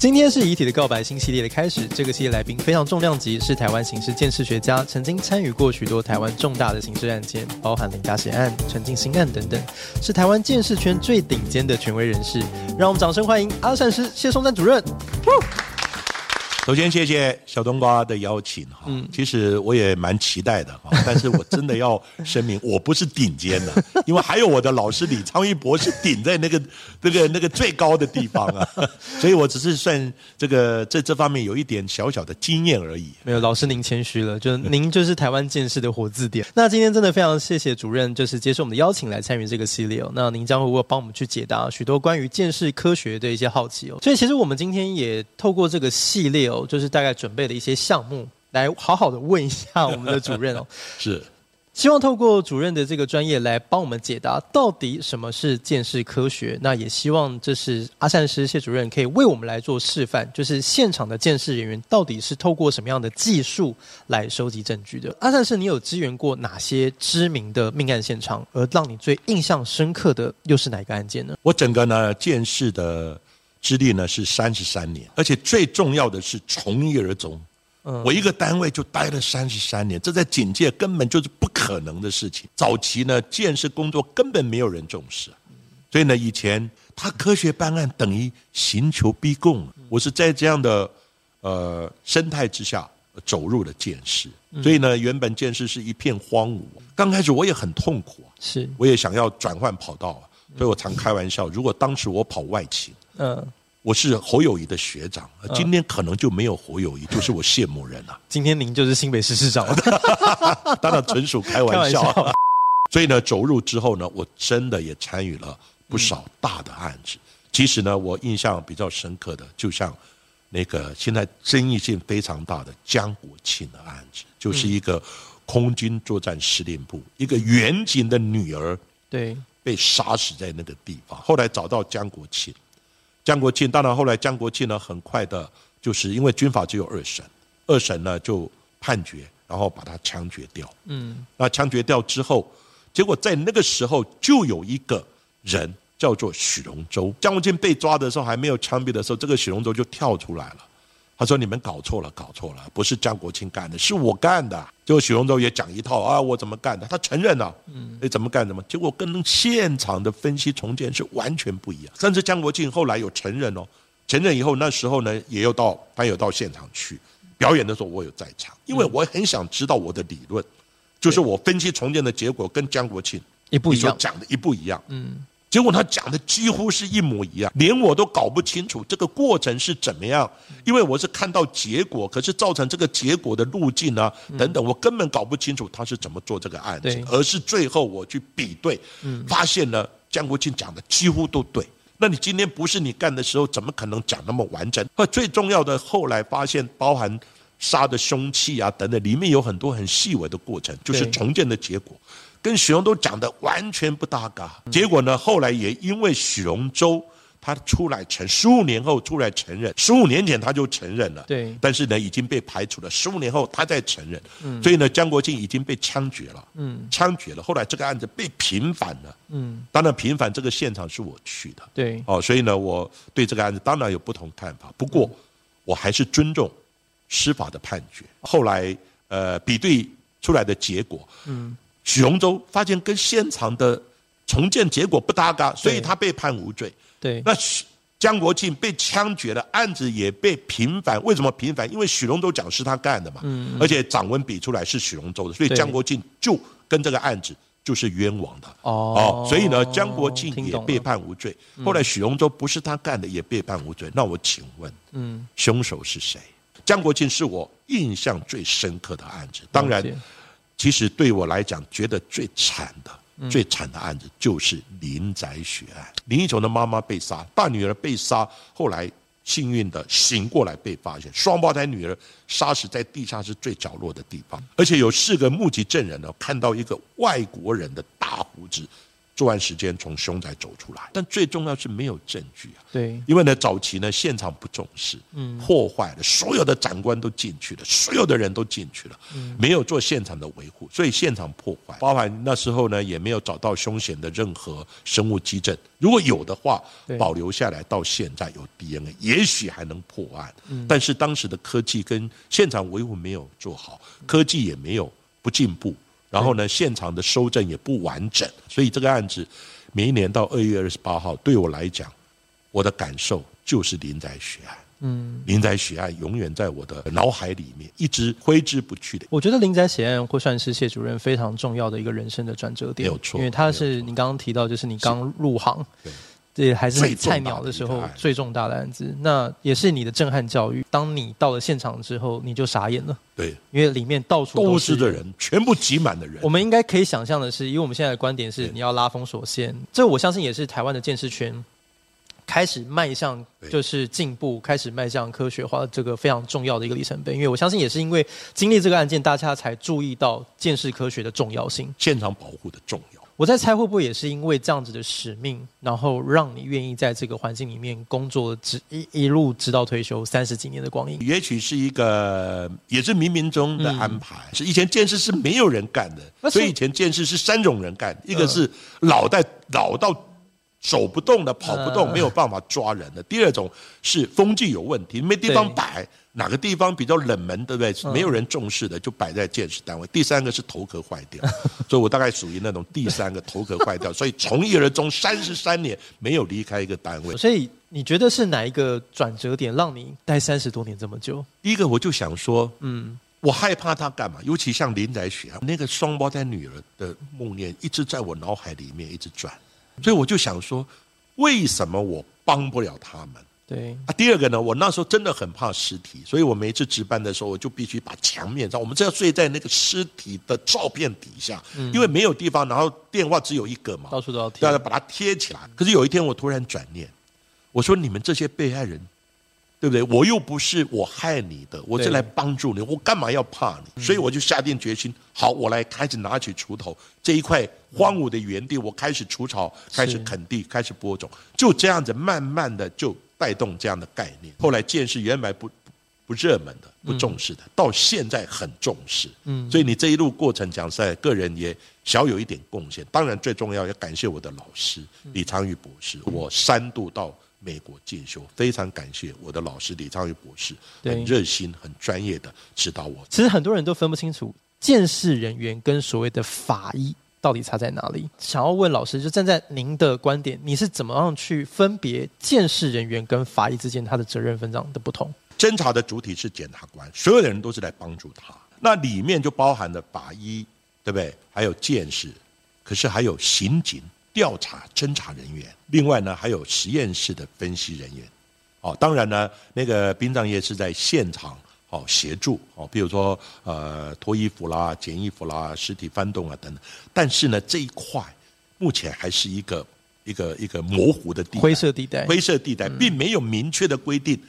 今天是遺體的告白新系列的開始，這個系列來賓非常重量級，是台灣刑事鑑識學家，曾經參與過許多台灣重大的刑事案件，包含林宅血案、陳進興案等等，是台灣鑑識圈最頂尖的權威人士，讓我們掌聲歡迎阿善師謝松善主任。首先，謝謝小冬瓜的邀請哈。其實我也蠻期待的啊，嗯、但是我真的要聲明， 我不是頂尖的、啊，因為還有我的老師李昌鈺博士頂在那個 那個那個最高的地方啊，所以我只是算這個在這方面有一點小小的經驗而已。沒有，老師您謙虛了，就您就是台灣鑑識的活字典。嗯、那今天真的非常謝謝主任，就是接受我們的邀請來參與這個系列哦。那您將會，不會幫我們去解答許多關於鑑識科學的一些好奇哦。所以其實我們今天也透過這個系列。就是大概準備了一些項目，來好好的問一下我們的主任哦。 是，希望透過主任的這個專業來幫我們解答到底什麼是鑑識科學。那也希望這是阿善師謝主任可以為我們來做示範，就是現場的鑑識人員到底是透過什麼樣的技術來收集證據的。阿善師，你有支援過哪些知名的命案現場？而讓你最印象深刻的又是哪個案件呢？我整個呢鑑識的資歷呢是三十三年，而且最重要的是從一而終。嗯，我一個單位就待了三十三年，這在警界根本就是不可能的事情。早期呢，鑑識工作根本沒有人重視，所以呢，以前他科學辦案等於刑求逼供。我是在這樣的呃生態之下走入了鑑識，所以呢，原本鑑識是一片荒蕪。剛開始我也很痛苦，是，我也想要轉換跑道，所以我常開玩笑，如果當時我跑外勤。嗯，呃、我是侯友宜的學長，今天可能就沒有侯友宜，呃、就是我謝某人了啊。今天您就是新北市市長， 當然純屬開玩笑啊。玩笑，所以呢，走入之後呢，我真的也參與了不少大的案子。嗯、其實呢，我印象比較深刻的，就像那個現在爭議性非常大的江國慶的案子，就是一個空軍作戰司令部、嗯、一個員警的女兒，對，被殺死在那個地方，對後來找到江國慶。江國慶，當然後來江國慶呢，很快的，就是因為軍法只有二審，二審呢就判決，然後把他槍決掉。嗯，那槍決掉之後，結果在那個時候就有一個人叫做許榮洲，江國慶被抓的時候還沒有槍斃的時候，這個許榮洲就跳出來了。他說：“你們搞錯了，搞錯了，不是江國慶幹的，是我幹的。”就許榮洲也講一套啊，我怎麼幹的？他承認了，嗯，你怎麼幹怎麼。結果跟現場的分析重建是完全不一樣，甚至江國慶後來有承認哦，承認以後那時候呢，也又到，還有到現場去表演的時候，我有在場，因為我很想知道我的理論，就是我分析重建的結果跟江國慶一不一樣講的，一不一樣，嗯。結果他講的幾乎是一模一樣，連我都搞不清楚這個過程是怎麼樣，因為我是看到結果，可是造成這個結果的路徑啊等等，我根本搞不清楚他是怎麼做這個案子，而是最後我去比對，發現了江國慶講的幾乎都對。那你今天不是你幹的時候，怎麼可能講那麼完整？最重要的，後來發現包含殺的凶器啊等等，裡面有很多很細微的過程，就是重建的結果。跟許榮洲講的完全不搭嘎，結果呢，後來也因為許榮洲他出來承十五年後出來承認，十五年前他就承認了，對，但是呢已經被排除了，十五年後他再承認，嗯，所以呢，江國慶已經被槍決了，嗯，槍決了，後來這個案子被平反了，嗯，當然平反這個現場是我去的，對，哦，所以呢，我對這個案子當然有不同看法，不過我還是尊重司法的判決，後來呃比對出來的結果，嗯。許榮洲發現跟現場的重建結果不搭嘎，對所以他被判無罪。對，那江國慶被槍決了，案子也被平反。為什麼平反？因為許榮洲講是他幹的嘛，嗯、而且掌紋比出來是許榮洲的，所以江國慶就跟這個案子就是冤枉的。對哦，所以呢，江國慶也被判無罪。後來許榮洲不是他幹的，也被判無罪。嗯、那我請問，嗯，兇手是誰？江國慶是我印象最深刻的案子，當然。其實對我來講，覺得最慘的，最慘的案子就是林宅血案。林義雄的媽媽被殺，大女兒被殺，後來幸運的醒過來被發現，雙胞胎女兒殺死在地下室最角落的地方，而且有四個目擊證人呢，看到一個外國人的大鬍子。作案時間從凶宅走出來，但最重要是沒有證據啊。對，因為呢，早期呢，現場不重視，破壞了，所有的長官都進去了，所有的人都進去了，沒有做現場的維護，所以現場破壞。包含那時候呢，也沒有找到兇嫌的任何生物跡證。如果有的話，保留下來到現在有 DNA，也許還能破案。但是當時的科技跟現場維護沒有做好，科技也沒有不進步，然後呢，對現場的收證也不完整，所以這個案子明年到二月二十八號，對我來講，我的感受就是林宅血案。嗯，林宅血案永遠在我的腦海裡面，一直揮之不去的。我覺得林宅血案會算是謝主任非常重要的一個人生的轉折點，沒有錯，因為他是你剛剛提到，就是你剛入行，也還是菜鳥的時候最重大的案子，那也是你的震撼教育。當你到了現場之後，你就傻眼了。對，因為裡面到處都是都的人，全部擠滿的人。我們應該可以想象的是，因為我們現在的觀點是對你要拉封鎖線，這我相信也是台灣的鑑識圈開始邁向對就是進步，開始邁向科學化的這個非常重要的一個里程碑。因為我相信也是因為經歷這個案件，大家才注意到鑑識科學的重要性，現場保護的重要。我在猜會不會也是因為這樣子的使命，然後讓你願意在這個環境裡面工作，直一一路直到退休三十幾年的光陰，也許是一個也是冥冥中的安排。嗯、是以前鑑識是沒有人幹的，且所以以前鑑識是三種人幹，一個是老到老到。走不動的，跑不動，沒有辦法抓人的。第二種是風氣有問題，沒地方擺，哪個地方比較冷門，對不對？沒有人重視的，就擺在鑑識單位。第三個是頭殼壞掉，所以我大概屬於那種第三個頭殼壞掉。所以從一而終，三十三年沒有離開一個單位。嗯、所以你覺得是哪一個轉折點讓你待三十多年這麼久？嗯、第一個我就想說，嗯，我害怕他幹嘛？尤其像林宅血案那個雙胞胎女兒的夢念，一直在我腦海裡面一直轉。所以我就想說，為什麼我幫不了他們？對啊，第二個呢，我那時候真的很怕屍體，所以我每次值班的時候，我就必須把牆面上，我們這要睡在那個屍體的照片底下，因為沒有地方。然後電話只有一個嘛，到處都要貼，對啊，把它貼起來。可是有一天我突然轉念，我說：你們這些被害人。對不對？我又不是我害你的，我是來幫助你，對嗯、我幹嘛要怕你？所以我就下定決心，好，我來開始拿起鋤頭，這一塊荒蕪的原地，我開始除草，開始墾地，開始播種，就這樣子慢慢的就帶動這樣的概念。後來鑑識原本不不熱門的，不重視的，到現在很重視。嗯，所以你這一路過程講實在，個人也小有一點貢獻。當然最重要要感謝我的老師李昌鈺博士，我三度到。美國進修，非常感謝我的老師李昌鈺博士，對很熱心、很專業的指導我。其實很多人都分不清楚鑑識人員跟所謂的法醫到底差在哪裡。想要問老師，就站在您的觀點，你是怎麼樣去分別鑑識人員跟法醫之間他的責任分量的不同？偵查的主體是檢察官，所有的人都是來幫助他，那裡面就包含了法醫，對不對？還有鑑識，可是還有刑警。調查偵查人員，另外呢，還有實驗室的分析人員，哦，當然呢，那個殯葬業是在現場哦協助哦，比如說呃脫衣服啦、剪衣服啦、屍體翻動啊等等，但是呢這一塊目前還是一個一個一個模糊的地帶，灰色地帶，灰色地帶，並沒有明確的規定，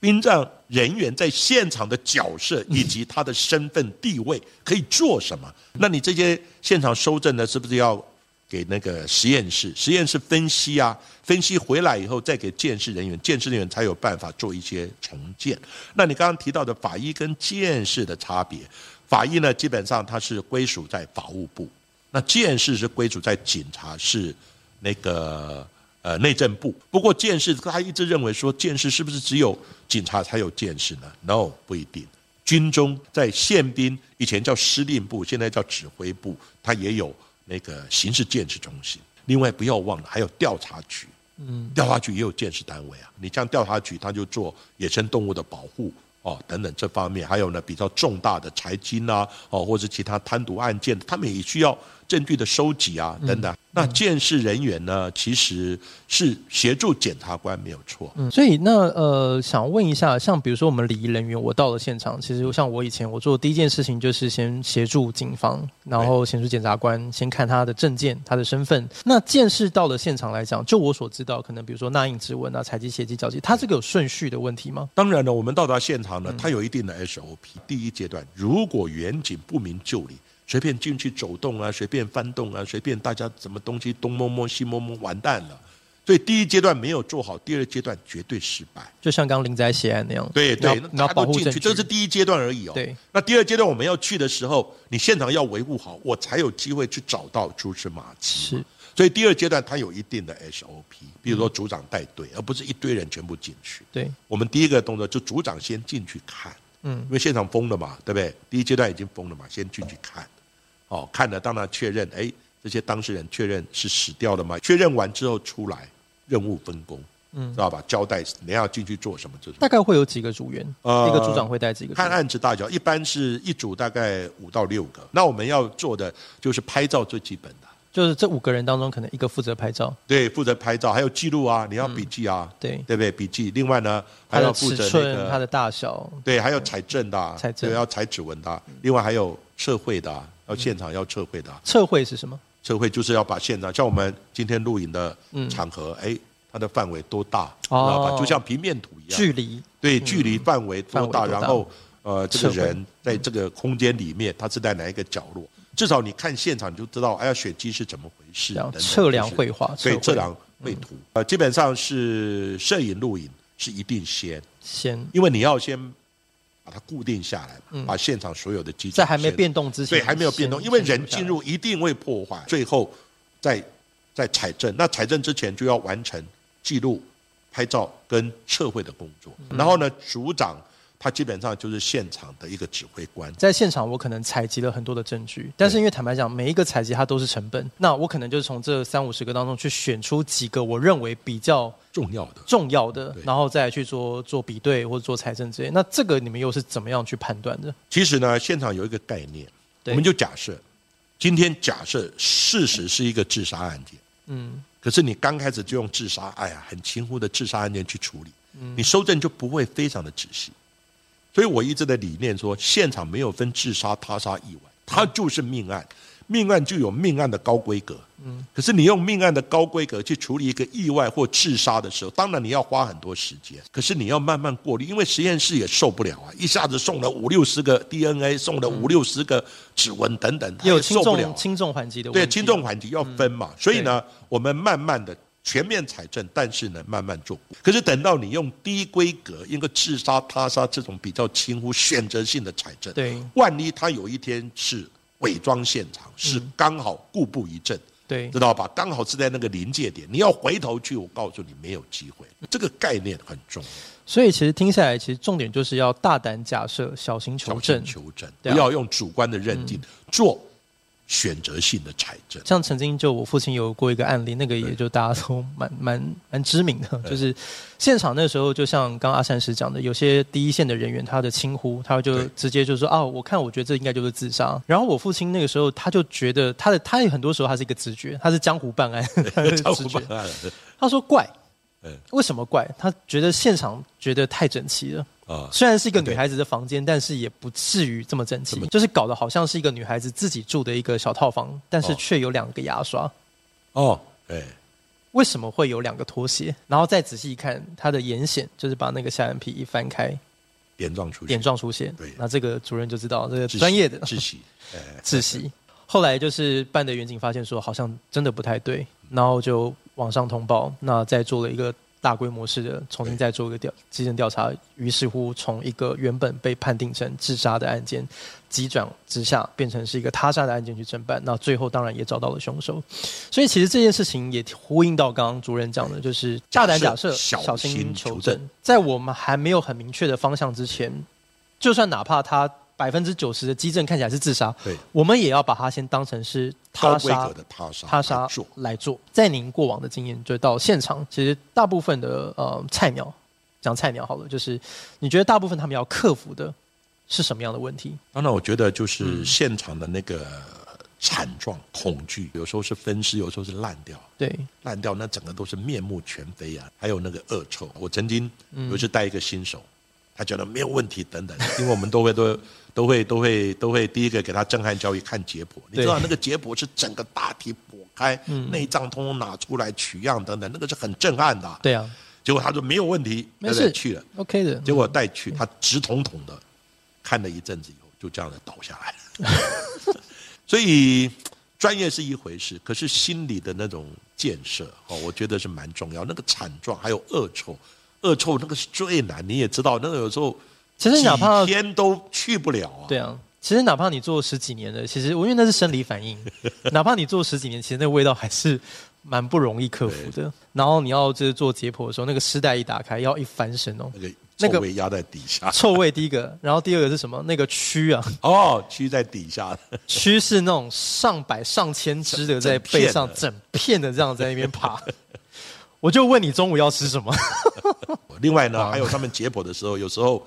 殯葬人員在現場的角色以及他的身份地位可以做什麼？那你這些現場蒐證呢，是不是要？給那個實驗室，實驗室分析啊，分析回來以後再給鑑識人員，鑑識人員才有辦法做一些重建。那你剛剛提到的法醫跟鑑識的差別，法醫呢基本上他是歸屬在法務部，那鑑識是歸屬在警察是那個呃內政部。不過鑑識他一直認為說，鑑識是不是只有警察才有鑑識呢？No，不一定。軍中在憲兵以前叫司令部，現在叫指揮部，他也有。那個刑事鑑識中心，另外不要忘了還有調查局，嗯，調查局也有鑑識單位啊。你像調查局，他就做野生動物的保護啊、哦、等等這方面，還有呢比較重大的財經啊哦或者其他貪瀆案件，他們也需要。證據的收集啊，等等。嗯、那鑑識人員呢，其實是協助檢察官沒有錯。嗯，所以那呃，想問一下，像比如說我們禮儀人員，我到了現場，其實像我以前我做的第一件事情就是先協助警方，然後協助檢察官先看他的證件、他的身份。那鑑識到了現場來講，就我所知道，可能比如說捺印、指紋啊、採集血跡、腳跡，它這個有順序的問題嗎？嗯、當然了，我們到達現場呢，它有一定的 SOP。第一階段，如果遠景不明就裡隨便進去走動啊，隨便翻動啊，隨便大家什麼東西東摸摸西摸摸，完蛋了。所以第一階段沒有做好，第二階段絕對失敗。就像剛林宅血案那樣。對對，然後進去，這是第一階段而已哦。對。那第二階段我們要去的時候，你現場要維護好，我才有機會去找到蛛絲馬跡。是。所以第二階段他有一定的 SOP，比如說，組長帶隊，而不是一堆人全部進去。嗯、對。我們第一個動作就組長先進去看，嗯，因為現場封了嘛，對不對？第一階段已經封了嘛，先進去看。哦，看得到那確認，哎，這些當事人確認是死掉了嗎？確認完之後出來，任務分工，嗯，知道吧？交代你要進去做什麼這種。就是、大概會有幾個組員，呃、一個組長會帶幾個組員。看案子大小，一般是一組大概五到六個。那我們要做的就是拍照最基本的，就是這五個人當中可能一個負責拍照，對，負責拍照，還有記錄啊，你要筆記啊，嗯、對，對不對？筆記。另外呢，還要負責那個它的尺寸、它的大小，對，還有採證的、啊對採證對，要採指紋的、啊，另外還有測繪的、啊。要現場要測繪的，測繪是什麼？測繪就是要把現場，像我們今天錄影的場合，哎，它的範圍多大，知道吧？就像平面圖一樣，距離對，距離範圍多大，然後呃，這個人在這個空間裡面，他是在哪一個角落？至少你看現場你就知道，哎呀，血跡是怎麼回事？然後測量繪畫，對，測量繪圖，呃，基本上是攝影錄影是一定先先，因為你要先。把它固定下來，把現場所有的機、嗯、在還沒變動之前，對，還沒有變動，因為人進入一定會破壞。最後再再採證，那採證之前就要完成記錄、拍照跟測繪的工作。嗯、然後呢，組長。他基本上就是現場的一個指揮官，在現場我可能採集了很多的證據，但是因為坦白講，每一個採集它都是成本，那我可能就是從這三五十個當中去選出幾個我認為比較重要的、重要的，然後再去做做比對或者做採證之類。那這個你們又是怎麼樣去判斷的？其實呢，現場有一個概念，對我們就假設今天假設事實是一個自殺案件，嗯，可是你剛開始就用自殺，哎呀，很輕忽的自殺案件去處理，你收證就不會非常的仔細。所以我一直的理念說，現場沒有分自殺、他殺、意外，它就是命案，命案就有命案的高規格。可是你用命案的高規格去處理一個意外或自殺的時候，當然你要花很多時間。可是你要慢慢過濾，因為實驗室也受不了啊！一下子送了五六十個 DNA，送了五六十個指紋等等，也受不了，輕重緩急的問題。對，輕重緩急要分嘛。所以呢，我們慢慢的。全面採證，但是呢，慢慢做。可是等到你用低規格，應該刺殺、他殺這種比較輕忽、選擇性的採證，對，萬一他有一天是偽裝現場，嗯、是剛好故布疑陣，對，知道吧？剛好是在那個臨界點，你要回頭去，我告訴你，沒有機會。這個概念很重要。所以其實聽下來，其實重點就是要大膽假設，小心求證，小心求證，對啊，不要用主觀的認定、嗯、做。選擇性的採證，像曾經就我父親有過一個案例，那個也就大家都蠻蠻蠻知名的，對就是現場那時候，就像剛剛阿善師講的，有些第一線的人員，他的輕呼，他就直接就說：“哦對、啊，我看，我覺得這應該就是自殺。”然後我父親那個時候，他就覺得他的他有很多時候他是一個直覺，他是江湖辦案，江湖辦案，他說怪。為什麼怪？他覺得現場覺得太整齊了。雖然是一個女孩子的房間，但是也不至於這麼整齊，就是搞得好像是一個女孩子自己住的一個小套房，但是卻有兩個牙刷哦。為什麼會有兩個拖鞋？然後再仔細一看，他的眼瞼就是把那個下眼皮一翻開，點狀出血，點狀出血，對，那這個主任就知道這個專業的窒息，後來就是辦的員警發現說，好像真的不太對，然後就。網上通報，那再做了一個大規模式的重新再做一個調，基層調查，於是乎從一個原本被判定成自殺的案件，急轉直下變成是一個他殺的案件去偵辦，那最後當然也找到了兇手。所以其實這件事情也呼應到剛剛主任講的，就是大膽假設，小心求證，在我們還沒有很明確的方向之前，就算哪怕他。百分之九十的跡證看起來是自殺，對，我們也要把它先當成是他殺，他殺來做。在您過往的經驗，就到現場，其實大部分的呃菜鳥，講菜鳥好了，就是你覺得大部分他們要克服的是什麼樣的問題？當然、啊，我覺得就是現場的那個慘狀、恐懼、嗯，有時候是分屍，有時候是爛掉，對，爛掉那整個都是面目全非啊，還有那個惡臭。我曾經有一次帶一個新手。嗯他覺得沒有問題，等等，因為我們都會都都會、都會都會都會第一個給他震撼教育，看解剖，你知道那個解剖是整個大體剖開，內臟通通拿出來取樣等等，那個是很震撼的。對啊，結果他說沒有問題，沒事去了，OK 的。結果帶去他直捅捅的，看了一陣子以後，就這樣子倒下來。所以專業是一回事，可是心理的那種建設哦，我覺得是蠻重要。那個慘狀還有惡臭。惡臭那個是最難，你也知道，那個有時候其實哪怕天都去不了啊。對啊，其實哪怕你做十幾年的，其實我因為那是生理反應，哪怕你做十幾年，其實那個味道還是蠻不容易克服的。對然後你要就是做解剖的時候，那個屍袋一打開，要一翻身哦，那臭味壓在底下，臭味第一個，然後第二個是什麼？那個蛆啊，哦，蛆在底下，蛆是那種上百上千隻的在背上整片，整片的這樣在那邊爬。我就問你中午要吃什麼？ 另外呢，Wow 還有他們解剖的時候，有時候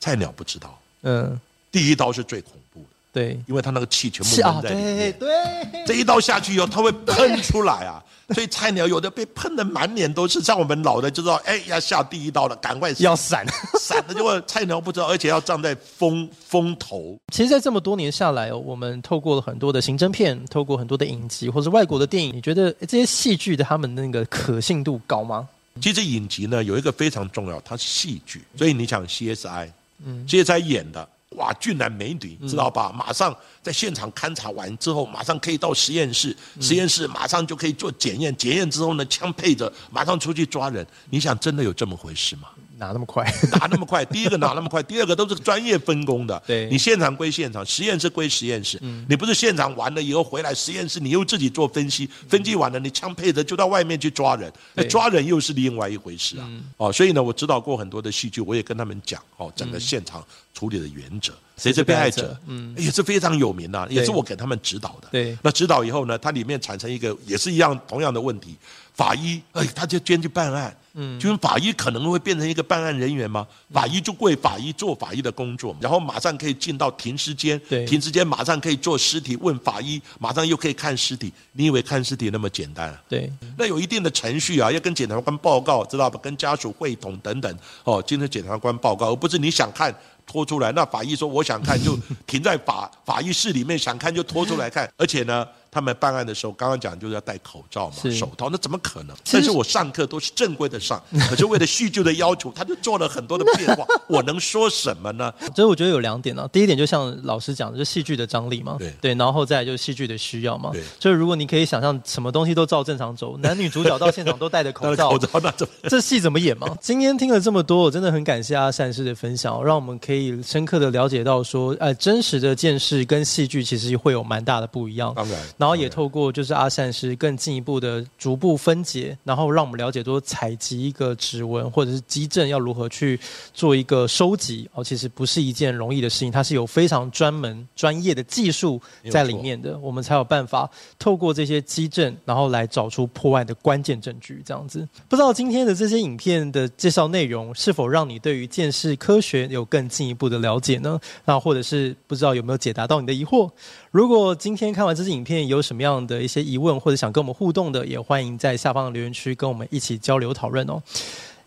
菜鳥不知道，嗯，第一刀是最恐怖的。對，因為他那個氣全部悶在裡面，對對，對，這一刀下去以後，他會噴出來啊，對所以菜鳥有的被噴的滿臉都是。像我們老的就知道，哎，要下第一刀了，趕快要閃，閃的。就會 菜鳥不知道，而且要站在風風頭。其實，在這麼多年下來，我們透過了很多的刑偵片，透過很多的影集，或者外國的電影，你覺得這些戲劇的他們那個可信度高嗎？其實影集呢，有一個非常重要，它是戲劇，所以你想 CSI，嗯，CSI 演的。哇，俊男美女，知道吧？嗯，馬上在現場勘查完之後，馬上可以到實驗室，實驗室馬上就可以做檢驗，檢驗之後呢，槍配着馬上出去抓人。你想，真的有這麼回事嗎？哪那麼快？哪那麼快？第一個哪那麼快？第二個都是專業分工的。對，你現場歸現場，實驗室歸實驗室。嗯，你不是現場完了以後回來實驗室，你又自己做分析，分析完了你槍配着就到外面去抓人，抓人又是另外一回事啊。哦，所以呢，我指導過很多的戲劇，我也跟他們講哦，整個現場處理的原則。誰是被害者？嗯，也是非常有名的啊。也是我給他們指導的。對，那指導以後呢，它裡面產生一個也是一樣同樣的問題，法醫哎，他就兼去辦案，嗯，因為法醫可能會變成一個辦案人員嗎？法醫就歸法醫做法醫的工作，然後馬上可以進到停屍間，對，停屍間馬上可以做屍體，問法醫，馬上又可以看屍體。你以為看屍體那麼簡單啊？對，那有一定的程序啊，要跟檢察官報告，知道吧？跟家屬會同等等哦，經檢察官報告，而不是你想看。拖出來，那法醫說我想看，就停在法法醫室裡面，想看就拖出來看，而且呢。他們辦案的時候，剛剛講就是要戴口罩嘛，手套，那怎麼可能？但是我上課都是正規的上，可是為了戲劇的要求，他就做了很多的變化。我能說什麼呢？所以我覺得有兩點呢，第一點就像老師講的，就戲劇的張力嘛，對，然後再來就是戲劇的需要嘛，就是如果你可以想象什麼東西都照正常走，男女主角到現場都戴着口罩，口罩這戲怎麼演嘛？今天聽了這麼多，我真的很感謝阿善師的分享，讓我們可以深刻的了解到說，呃，真實的鑑識跟戲劇其實會有蠻大的不一樣。當然，然後也透過就是阿善師更進一步的逐步分解，然後讓我們了解，說採集一個指紋或者是跡證要如何去做一個收集哦，其實不是一件容易的事情，它是有非常專門專業的技術在裡面的，我們才有辦法透過這些跡證，然後來找出破案的關鍵證據。這樣子，不知道今天的這些影片的介紹內容是否讓你對於鑑識科學有更進一步的了解呢？那或者是不知道有沒有解答到你的疑惑？如果今天看完這支影片，有什麼樣的一些疑問或者想跟我們互動的，也歡迎在下方的留言區跟我們一起交流討論哦。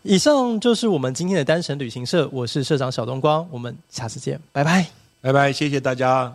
以上就是我們今天的單程旅行社，我是社長小冬瓜，我們下次見，拜拜，拜拜，謝謝大家。